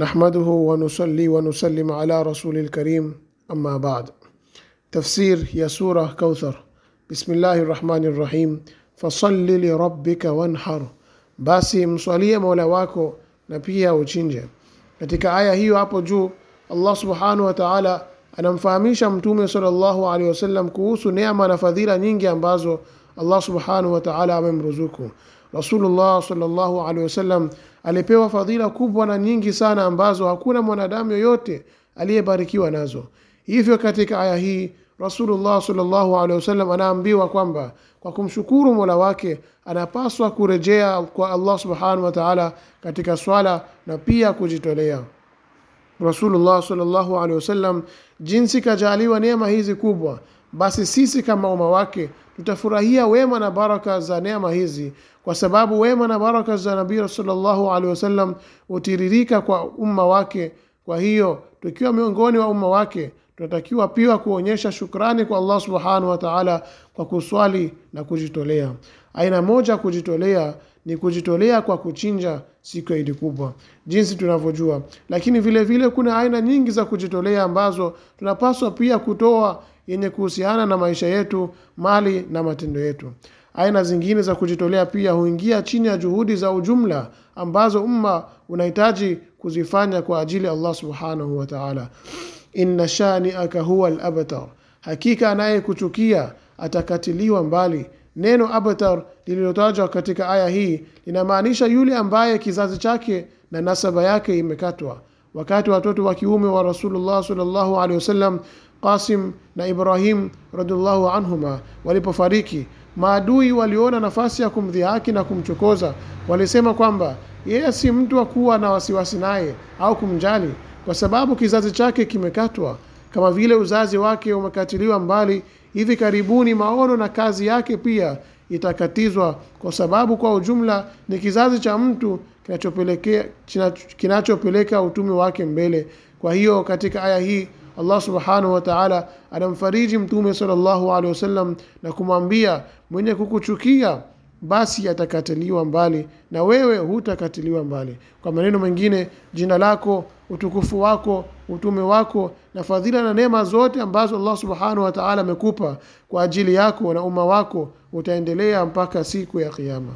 نحمده ونصلي ونسلم على رسول الكريم أما بعد تفسير يا سورة كوثر بسم الله الرحمن الرحيم فصل لربك وانحر basi mswalie mola wako na pia uchinje katika aya hiyo hapo juu allah subhanahu wa taala anamfahamisha mtume salllahu alehi wasallam kuhusu neema na fadhila nyingi ambazo Allah subhanahu wa ta'ala amemruzuku. Rasulullah sallallahu alaihi wasallam alipewa fadhila kubwa na nyingi sana ambazo hakuna mwanadamu yoyote aliyebarikiwa nazo. Hivyo katika aya hii Rasulullah sallallahu alaihi wasallam anaambiwa kwamba kwa kumshukuru Mola wake anapaswa kurejea kwa Allah subhanahu wa ta'ala katika swala na pia kujitolea. Rasulullah sallallahu alaihi wasallam jinsi kajaliwa neema hizi kubwa, basi sisi kama umma wake tutafurahia wema na baraka za neema hizi, kwa sababu wema na baraka za Nabii sallallahu alaihi wasallam hutiririka kwa umma wake. Kwa hiyo tukiwa miongoni wa umma wake tunatakiwa pia kuonyesha shukrani kwa Allah subhanahu wa taala kwa kuswali na kujitolea. Aina moja kujitolea ni kujitolea kwa kuchinja siku ya Idi Kubwa, jinsi tunavyojua, lakini vile vile kuna aina nyingi za kujitolea ambazo tunapaswa pia kutoa yenye kuhusiana na maisha yetu, mali na matendo yetu. Aina zingine za kujitolea pia huingia chini ya juhudi za ujumla ambazo umma unahitaji kuzifanya kwa ajili ya Allah subhanahu wa ta'ala. Inna shani'aka huwa al-abtar, hakika anayekuchukia atakatiliwa mbali. Neno abtar lililotajwa katika aya hii linamaanisha yule ambaye kizazi chake na nasaba yake imekatwa wakati watoto wa kiume wa Rasulullah sallallahu alaihi wasallam Qasim na Ibrahim radhiallahu anhuma walipofariki, maadui waliona nafasi ya kumdhihaki na kumchokoza. Walisema kwamba yeye si mtu wa kuwa na wasiwasi naye au kumjali, kwa sababu kizazi chake kimekatwa kama vile uzazi wake umekatiliwa mbali. Hivi karibuni maono na kazi yake pia itakatizwa kwa sababu kwa ujumla ni kizazi cha mtu kinachopelekea kinachopeleka utume wake mbele kwa hiyo katika aya hii Allah subhanahu wa ta'ala anamfariji mtume sallallahu alaihi wasallam na kumwambia mwenye kukuchukia basi atakatiliwa mbali na wewe hutakatiliwa mbali kwa maneno mengine jina lako utukufu wako, utume wako na fadhila na neema zote ambazo Allah subhanahu wa ta'ala amekupa kwa ajili yako na umma wako, utaendelea mpaka siku ya Kiyama.